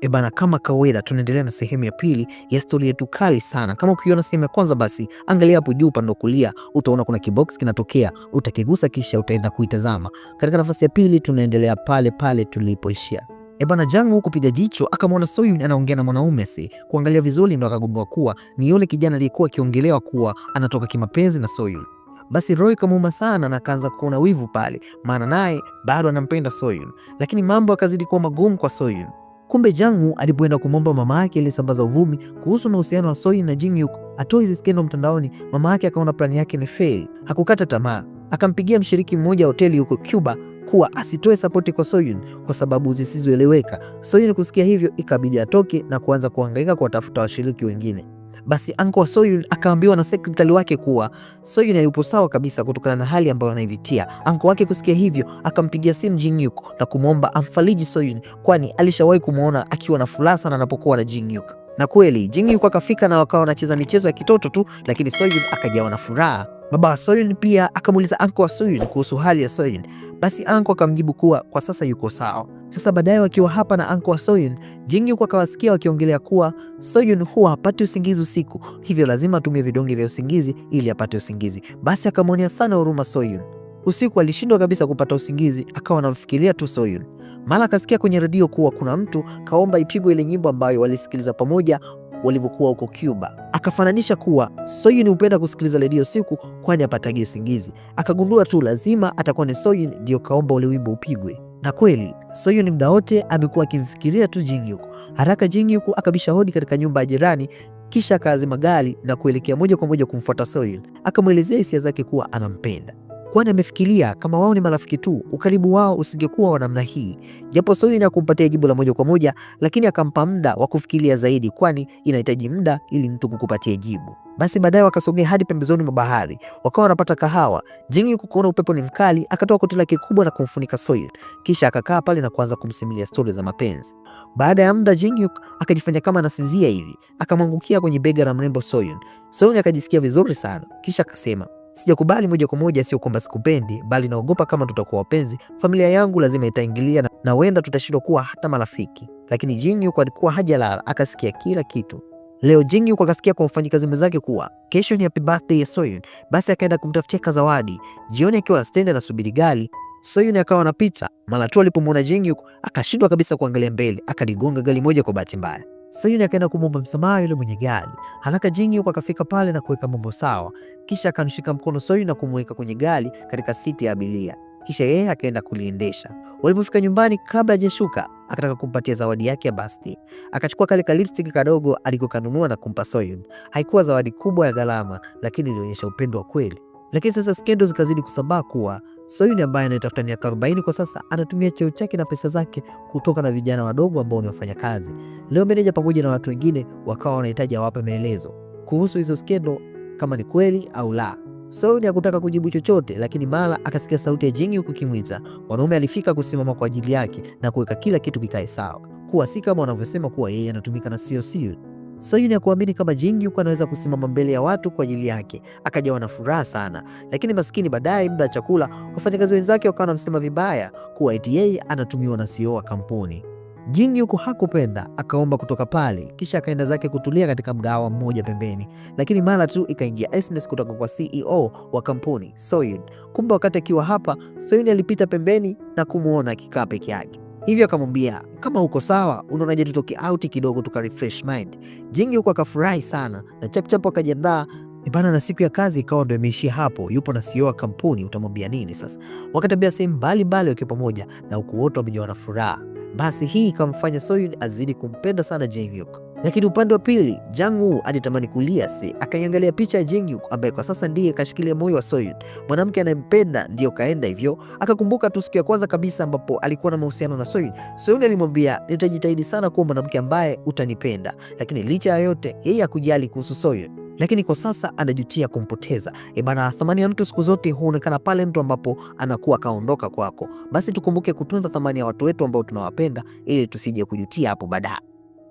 E bana, kama kawaida, tunaendelea na sehemu ya pili ya stori yetu kali sana. Kama ukiona sehemu ya kwanza, basi angalia hapo juu upande wa kulia, utaona kuna kibox kinatokea, utakigusa kisha utaenda kuitazama. Katika nafasi ya pili tunaendelea pale pale tulipoishia. E bana, Jang huko piga jicho akamwona Soyun anaongea na mwanaume si kuangalia vizuri, ndo akagundua kuwa ni yule kijana aliyekuwa akiongelewa kuwa anatoka kimapenzi na Soyun. Basi Roy kamuuma sana na akaanza kuona wivu pale, maana naye bado anampenda Soyun, lakini mambo akazidi kuwa magumu kwa Soyun. Kumbe jangu alipoenda kumwomba mama yake aliyesambaza uvumi kuhusu mahusiano wa Soi na jin atoe hizi skendo mtandaoni. Mama yake akaona plani yake ni fail. Hakukata tamaa, akampigia mshiriki mmoja wa hoteli huko Cuba kuwa asitoe sapoti kwa Soyun kwa sababu zisizoeleweka. Soyun kusikia hivyo, ikabidi atoke na kuanza kuhangaika kuwatafuta washiriki wengine. Basi uncle wa Soyun akaambiwa na sekretari wake kuwa Soyun hayupo sawa kabisa kutokana na hali ambayo anaivitia Uncle wake kusikia hivyo akampigia simu Jinyuk na kumwomba amfariji Soyun, kwani alishawahi kumwona akiwa na furaha sana anapokuwa na Jinyuk. Na kweli Jinyuk akafika na wakawa wanacheza michezo ya kitoto tu, lakini Soyun akajawa na furaha. Baba wa Soyun pia akamuuliza uncle wa Soyun kuhusu hali ya Soyun. Basi uncle akamjibu kuwa kwa sasa yuko sawa. Sasa baadaye wakiwa hapa na anko wa Soyun, Jing akawasikia wakiongelea kuwa Soyun huwa hapati usingizi usiku, hivyo lazima atumie vidonge vya usingizi ili apate usingizi. Basi akamwonea sana huruma Soyun. Usiku alishindwa kabisa kupata usingizi, akawa anamfikiria tu Soyun. Mara akasikia kwenye redio kuwa kuna mtu kaomba ipigwe ile nyimbo ambayo walisikiliza pamoja walivyokuwa huko Cuba. Akafananisha kuwa Soyun hupenda kusikiliza redio usiku, kwani apatagi usingizi. Akagundua tu lazima atakuwa ni Soyun ndio kaomba ule wimbo upigwe. Na kweli Soyo ni mda wote amekuwa akimfikiria tu jinyuku Haraka Jinhyuk akabisha hodi katika nyumba ya jirani kisha akaazima gari na kuelekea moja kwa moja kumfuata Soyun. Akamwelezea hisia zake kuwa anampenda kwani amefikiria kama wao ni marafiki tu, ukaribu wao usingekuwa wa namna hii. Japo Soyun hakumpatia jibu la moja kwa moja, lakini akampa muda wa kufikiria zaidi, kwani inahitaji muda ili mtu kukupatia jibu. Basi baadaye wakasogea hadi pembezoni mwa bahari, wakawa wanapata kahawa. Jingi Yu kuona upepo ni mkali, akatoa koti lake kubwa na kumfunika Soyun, kisha akakaa pale na kuanza kumsimulia stori za mapenzi. Baada ya muda Jing akajifanya kama anasinzia hivi, akamwangukia kwenye bega la mrembo Soyun. Soyun akajisikia vizuri sana, kisha akasema Sijakubali moja kwa moja, sio kwamba sikupendi, bali naogopa kama tutakuwa wapenzi, familia yangu lazima itaingilia na, na wenda tutashindwa kuwa hata marafiki. Lakini Jin Hyuk alikuwa hajalala, akasikia kila kitu. Leo Jin Hyuk akasikia kwa mfanyikazi mwenzake kuwa kesho ni happy birthday ya Soyun, basi akaenda kumtafutia zawadi. Jioni akiwa stendi anasubiri gari Soyun akawa anapita, mara tu alipomwona Jin Hyuk akashindwa kabisa kuangalia mbele, akaligonga gari moja kwa bahati mbaya. Sayuni akaenda kumwomba msamaha yule mwenye gari. Haraka Jingi huko akafika pale na kuweka mambo sawa, kisha akamshika mkono Sayuni na kumweka kwenye gari katika siti ya abiria, kisha yeye akaenda kuliendesha. Walipofika nyumbani, kabla hajashuka akataka kumpatia zawadi yake ya basti. Akachukua kale kalipstick kadogo alikokanunua na kumpa Soyun. Haikuwa zawadi kubwa ya gharama, lakini ilionyesha upendo wa kweli. Lakini sasa skendo zikazidi kusambaa kuwa Soyun ambaye anatafuta miaka 40 kwa sasa anatumia cheo chake na pesa zake kutoka na vijana wadogo ambao ni wafanyakazi. Leo meneja pamoja na watu wengine wakawa wanahitaji awape maelezo kuhusu hizo skendo kama ni kweli au la. Soyun hakutaka kujibu chochote, lakini mara akasikia sauti ya Jingi huku kimwita. Mwanaume alifika kusimama kwa ajili yake na kuweka kila kitu kikae sawa, kuwa si kama wanavyosema kuwa yeye anatumika na sio Soyun. Sayuni hakuamini kama Jin Hyuk anaweza kusimama mbele ya watu kwa ajili yake. Akajawa na furaha sana, lakini maskini, baadaye muda wa chakula, wafanyakazi wenzake wakawa wanamsema vibaya kuwa eti yeye anatumiwa na CEO wa kampuni. Jin Hyuk hakupenda, akaomba kutoka pale, kisha akaenda zake kutulia katika mgahawa mmoja pembeni, lakini mara tu ikaingia SMS kutoka kwa CEO wa kampuni Soyun. Kumbe wakati akiwa hapa, Soyun alipita pembeni na kumwona akikaa peke yake. Hivyo akamwambia kama uko sawa, unaonaje tutoke auti kidogo tuka refresh mind. Jingi huko akafurahi sana na chap akajiandaa eh bana, na siku ya kazi ikawa ndo imeishia hapo. Yupo na CEO wa kampuni, utamwambia nini sasa? Wakatembea sehemu mbalimbali wakiwa pamoja na huku wote wamejawa na furaha. Basi hii ikamfanya Soyun azidi kumpenda sana Hyuk. Lakini upande wa pili, Jang Woo alitamani kulia si akaiangalia picha ya Jing-hyuk ambaye kwa sasa ndiye kashikilia moyo wa Soyun, mwanamke anayempenda. Ndiyo kaenda hivyo, akakumbuka tu siku ya kwanza kabisa ambapo alikuwa na mahusiano na Soyun. Soyun alimwambia nitajitahidi sana kuwa mwanamke ambaye utanipenda, lakini licha ya yote yeye hakujali kuhusu Soyun lakini kwa sasa anajutia kumpoteza. E bana, thamani ya mtu siku zote huonekana pale mtu ambapo anakuwa kaondoka kwako. Basi tukumbuke kutunza thamani ya watu wetu ambao tunawapenda ili tusije kujutia hapo baadaye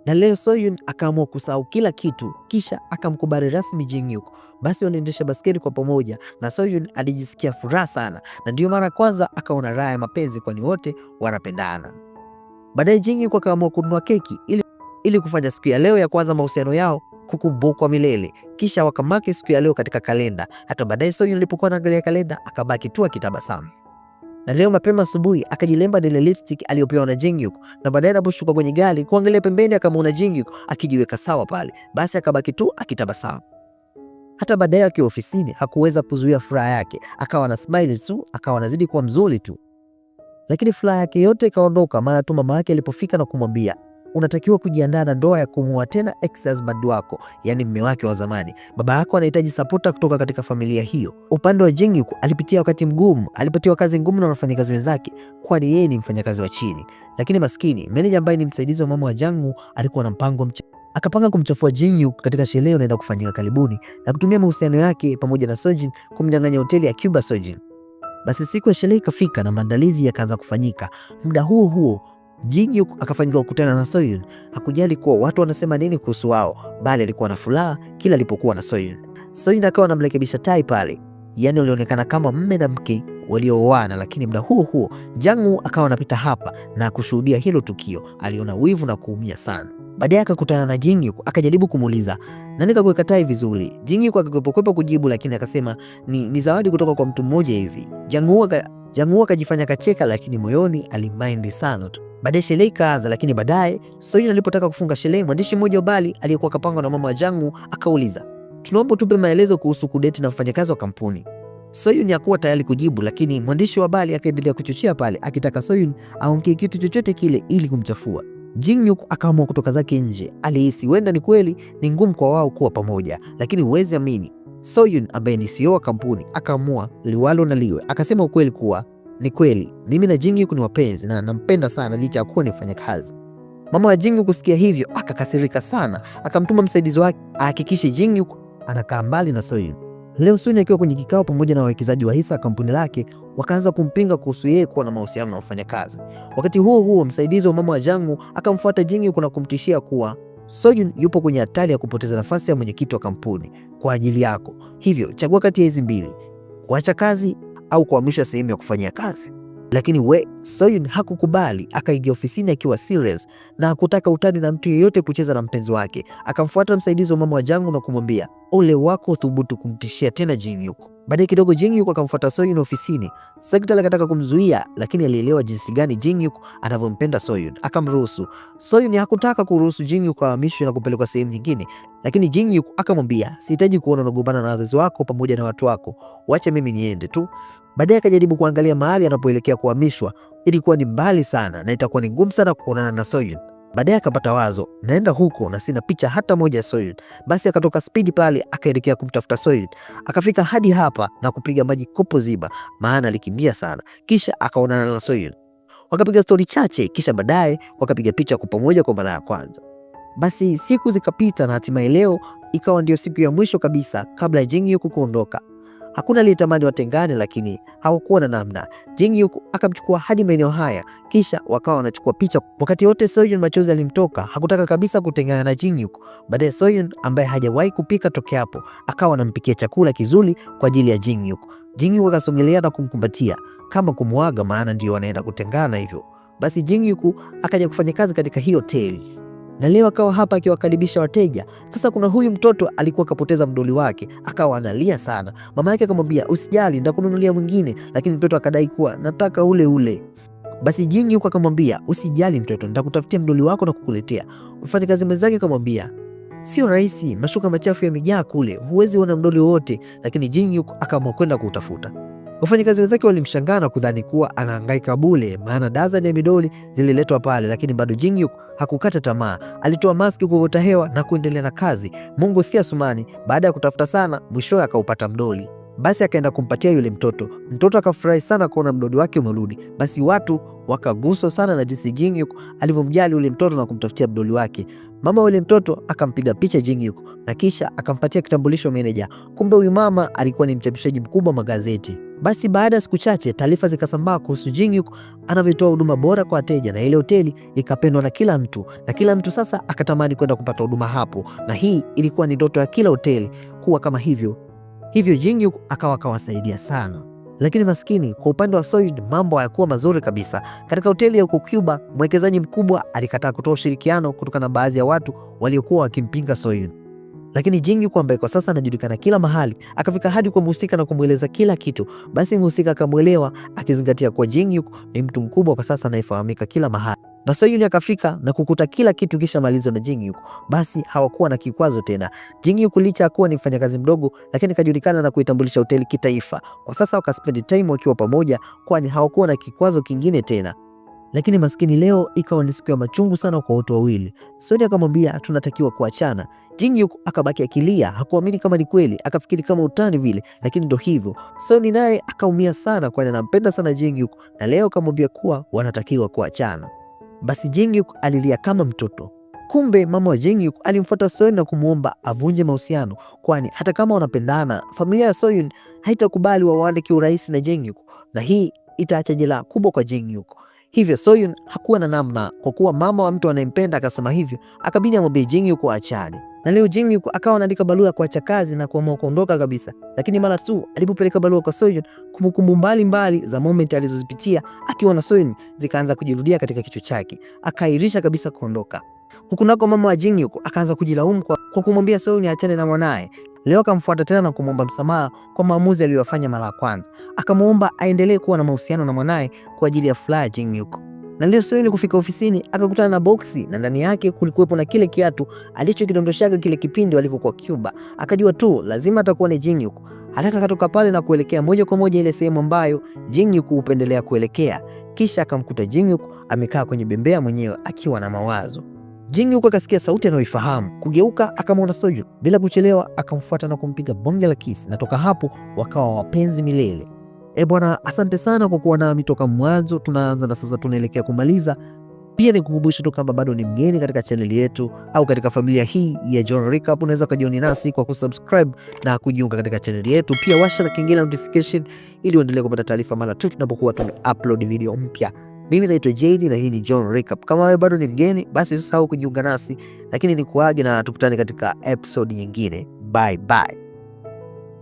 na leo Soyun akaamua kusahau kila kitu, kisha akamkubali rasmi Jin Hyuk. Basi waliendesha basketi kwa pamoja na Soyun alijisikia furaha sana, na ndiyo mara kwanza akaona raha ya mapenzi, kwani wote wanapendana. Baadaye Jin Hyuk akaamua kununua keki ili, ili kufanya siku ya leo ya kwanza mahusiano yao kukumbukwa milele. Kisha wakamaki siku ya leo katika kalenda. Hata baadaye Soyun alipokuwa anaangalia kalenda akabaki tu akitabasamu na leo mapema asubuhi akajilemba na ile lipstick aliyopewa na Jingyuk, na baadaye anaposhuka kwenye gari kuangalia pembeni akamwona Jingyuk akijiweka sawa pale, basi akabaki tu akitabasamu. Hata baadaye akiwa ofisini hakuweza kuzuia furaha yake, akawa na smile tu, akawa anazidi kuwa mzuri tu, lakini furaha yake yote ikaondoka mara tu mama yake alipofika na kumwambia unatakiwa kujiandaa na ndoa ya kumuoa tena ex-husband wako, yani mme wake wa zamani. Baba yako anahitaji sapota kutoka katika familia hiyo. Upande wa Jingyu alipitia wakati mgumu, alipatiwa kazi ngumu na wafanyakazi wenzake, kwani yeye ni mfanyakazi wa chini. Lakini maskini meneja ambaye ni msaidizi wa mama wa Jangmu alikuwa na mpango mcha akapanga kumchafua Jinyu katika sherehe unaenda kufanyika karibuni na kutumia mahusiano yake pamoja na Sojin kumnyang'anya hoteli ya Cuba Sojin. Basi siku ya sherehe ikafika na maandalizi yakaanza kufanyika. Muda huo huo jiji akafanikiwa kukutana na Soil. Hakujali kuwa watu wanasema nini kuhusu wao, bali alikuwa na furaha kila alipokuwa na Soil. Soil akawa anamrekebisha tai pale, yani walionekana kama mme na mke waliooana. Lakini muda huo huo Jangu akawa anapita hapa na kushuhudia hilo tukio. Aliona wivu na kuumia sana. Baadaye akakutana na Jingi akajaribu kumuuliza nani kakuweka tai vizuri. Jingi akakwepa kujibu, lakini akasema ni, ni zawadi kutoka kwa mtu mmoja hivi. Jangu akajifanya kacheka, lakini moyoni alimindi sana tu. Baadaye sherehe ikaanza, lakini baadaye Soyun alipotaka kufunga sherehe, mwandishi mmoja wa aliyekuwa kapangwa na mama wa Jangu akauliza, tunaomba tupe maelezo kuhusu kudeti na mfanyakazi wa kampuni. Soyun hakuwa tayari kujibu, lakini mwandishi wa bali akaendelea kuchochea pale, akitaka Soyun aongee kitu chochote kile ili kumchafua. Jinyuk akaamua kutoka zake nje. Alihisi huenda ni kweli ni ngumu kwa wao kuwa pamoja, lakini huwezi amini. Soyun ambaye ni CEO wa kampuni akaamua liwalo na liwe, akasema ukweli kuwa ni kweli mimi na Jingyuku ni wapenzi na nampenda sana licha ya kuwa ni mfanyakazi. Mama wa Jingyuku kusikia hivyo akakasirika sana, akamtuma msaidizi wake ahakikishe Jingyuku anakaa mbali na Soyun. Leo Soyun akiwa kwenye kikao pamoja na wawekezaji wa hisa wa kampuni lake, wakaanza kumpinga kuhusu yeye kuwa na mahusiano na wafanyakazi. Wakati huo huo, msaidizi wa mama wa Jangu akamfuata Jingyuku na kumtishia kuwa Soyun yupo kwenye hatari ya kupoteza nafasi ya mwenyekiti wa kampuni kwa ajili yako, hivyo chagua kati ya hizi mbili, kuacha kazi au kuhamisha sehemu ya kufanyia kazi, lakini we Soyun hakukubali. Akaingia ofisini akiwa serious na hakutaka utani na mtu yeyote kucheza na mpenzi wake. Akamfuata msaidizi wa mama wa Jangu na kumwambia ole wako, thubutu kumtishia tena Jin yuko. Baadaye kidogo Jing akamfuata Soyun ofisini. Secretary akataka kumzuia, lakini alielewa jinsi gani Jing anavyompenda Soyun, akamruhusu. Soyun hakutaka kuruhusu Jing ahamishwe na kupelekwa sehemu nyingine, lakini Jing akamwambia, sihitaji kuona unagombana na wazazi wako pamoja na watu wako, wacha mimi niende tu. Baadaye akajaribu kuangalia mahali anapoelekea kuhamishwa, ilikuwa ni mbali sana na itakuwa ni ngumu sana kuonana na Soyun. Baadaye akapata wazo, naenda huko na sina picha hata moja ya Soiled. Basi akatoka spidi pale akaelekea kumtafuta Soiled. Akafika hadi hapa na kupiga maji kopo ziba, maana alikimbia sana. Kisha akaonana na Soiled, wakapiga stori chache, kisha baadaye wakapiga picha kwa pamoja kwa mara ya kwanza. Basi siku zikapita na hatimaye leo ikawa ndio siku ya mwisho kabisa kabla ya Jingyu kuondoka. Hakuna aliyetamani watengane, lakini hawakuwa na namna. Jing Yu akamchukua hadi maeneo haya, kisha wakawa wanachukua picha. Wakati wote Soyun machozi alimtoka, hakutaka kabisa kutengana na Jing Yu. Baadaye Soyun ambaye hajawahi kupika tokea hapo akawa anampikia chakula kizuri kwa ajili ya Jing Yu. Jing Yu akasogelea na kumkumbatia kama kumwaga, maana ndio wanaenda kutengana hivyo. Basi Jing Yu akaja kufanya kazi katika hii hoteli na leo akawa hapa akiwakaribisha wateja. Sasa kuna huyu mtoto alikuwa kapoteza mdoli wake, akawa analia sana. Mama yake akamwambia, usijali, ndakununulia mwingine, lakini mtoto akadai kuwa nataka ule ule. Basi Jingi huko akamwambia, usijali mtoto, nitakutafutia mdoli wako na kukuletea. Mfanyakazi mwenzake akamwambia, sio rahisi, mashuka machafu yamejaa kule, huwezi ona mdoli wowote. Lakini Jingi akamwa kwenda kuutafuta. Wafanyakazi wenzake walimshangaa na kudhani kuwa anahangaika bure, maana dazani ya midoli zililetwa pale, lakini bado Jingyuk hakukata tamaa. Alitoa maski kuvuta hewa na kuendelea na kazi. Mungu thia Sumani, baada ya kutafuta sana, mwishowe akaupata mdoli. Basi akaenda kumpatia yule mtoto. Mtoto akafurahi sana kuona mdoli wake umerudi. Basi watu wakaguswa sana na jinsi Jingyuk alivyomjali yule mtoto na kumtafutia mdoli wake. Mama yule mtoto akampiga picha Jingyuk na kisha akampatia kitambulisho meneja. Kumbe huyu mama alikuwa ni mchapishaji mkubwa magazeti. Basi baada ya siku chache, taarifa zikasambaa kuhusu Jingyuk anavyotoa huduma bora kwa wateja, na ile hoteli ikapendwa na kila mtu, na kila mtu sasa akatamani kwenda kupata huduma hapo, na hii ilikuwa ni ndoto ya kila hoteli kuwa kama hivyo. Hivyo Jingyuk akawa akawasaidia sana, lakini maskini, kwa upande wa Soyun mambo hayakuwa mazuri kabisa. Katika hoteli ya huko Cuba, mwekezaji mkubwa alikataa kutoa ushirikiano kutokana na baadhi ya watu waliokuwa wakimpinga Soyun lakini Jingyu ambaye kwa sasa anajulikana kila mahali akafika hadi kwa mhusika na kumweleza kila kitu. Basi mhusika akamwelewa, akizingatia kuwa Jingyu ni mtu mkubwa kwa sasa anayefahamika kila mahali na Soyun akafika na kukuta kila kitu kisha malizo na Jingyuk. Basi hawakuwa na kikwazo tena. Jingyuk licha ya kuwa ni mfanyakazi mdogo, lakini kajulikana na kuitambulisha hoteli kitaifa. Kwa sasa wakaspendi time wakiwa pamoja, kwani hawakuwa na kikwazo kingine tena lakini maskini leo ikawa ni siku ya machungu sana kwa watu wawili. Sonia akamwambia tunatakiwa kuachana. Jinyu akabaki akilia, hakuamini kama ni kweli, akafikiri kama utani vile, lakini ndo hivyo. Soni naye akaumia sana, kwani anampenda sana Jinyu, na leo akamwambia kuwa wanatakiwa kuachana. Basi Jinyu alilia kama mtoto. Kumbe mama wa Jinyu alimfuata Soyun na kumwomba avunje mahusiano, kwani hata kama wanapendana, familia ya Soyun haitakubali wawane kiurahisi na Jinyu, na hii itaacha jela kubwa kwa Jinyu. Hivyo Soyun hakuwa na namna, kwa kuwa mama wa mtu anayempenda akasema hivyo, akabidi amwambie Jin yuko achane na leo. Jin yuko akawa anaandika barua ya kuacha kazi na kuamua kuondoka kabisa, lakini mara tu alipopeleka barua kwa Soyun, kumbukumbu mbalimbali za moment alizozipitia akiwa na Soyun zikaanza kujirudia katika kichwa chake, akairisha kabisa kuondoka. Huku nako mama wa Jin yuko akaanza kujilaumu kwa kumwambia Soyun achane na mwanaye, Leo akamfuata tena na kumwomba msamaha kwa maamuzi aliyoyafanya mara ya kwanza. Akamwomba aendelee kuwa na mahusiano na mwanaye kwa ajili ya furaha Jingyuko. Na leo siku kufika ofisini akakutana na boksi na ndani yake kulikuwepo na kile kiatu alichokidondoshaka kile kipindi walivyokuwa Cuba. Akajua tu lazima atakuwa ni Jingyuko. Haraka akatoka pale na kuelekea moja kwa moja ile sehemu ambayo Jingyuko hupendelea kuelekea. Kisha akamkuta Jingyuko amekaa kwenye bembea mwenyewe akiwa na mawazo. Jing huko akasikia sauti anayoifahamu kugeuka, akamwona Soyun. Bila kuchelewa, akamfuata na kumpiga bonge la kisi, na toka hapo wakawa wapenzi milele. E bwana, asante sana kwa kuwa nami toka mwanzo tunaanza na sasa tunaelekea kumaliza. Pia nikukumbusha tu kama bado ni mgeni katika chaneli yetu au katika familia hii ya John Recap, unaweza ukajioni nasi kwa kusubscribe na kujiunga katika chaneli yetu. Pia washa na kengele notification ili uendelee kupata taarifa mara tu tunapokuwa tume upload video mpya. Mimi naitwa JD na hii ni John Recap. Kama wewe bado ni mgeni, basi usisahau kujiunga nasi, lakini nikuage na tukutane katika episode nyingine. Bye bye.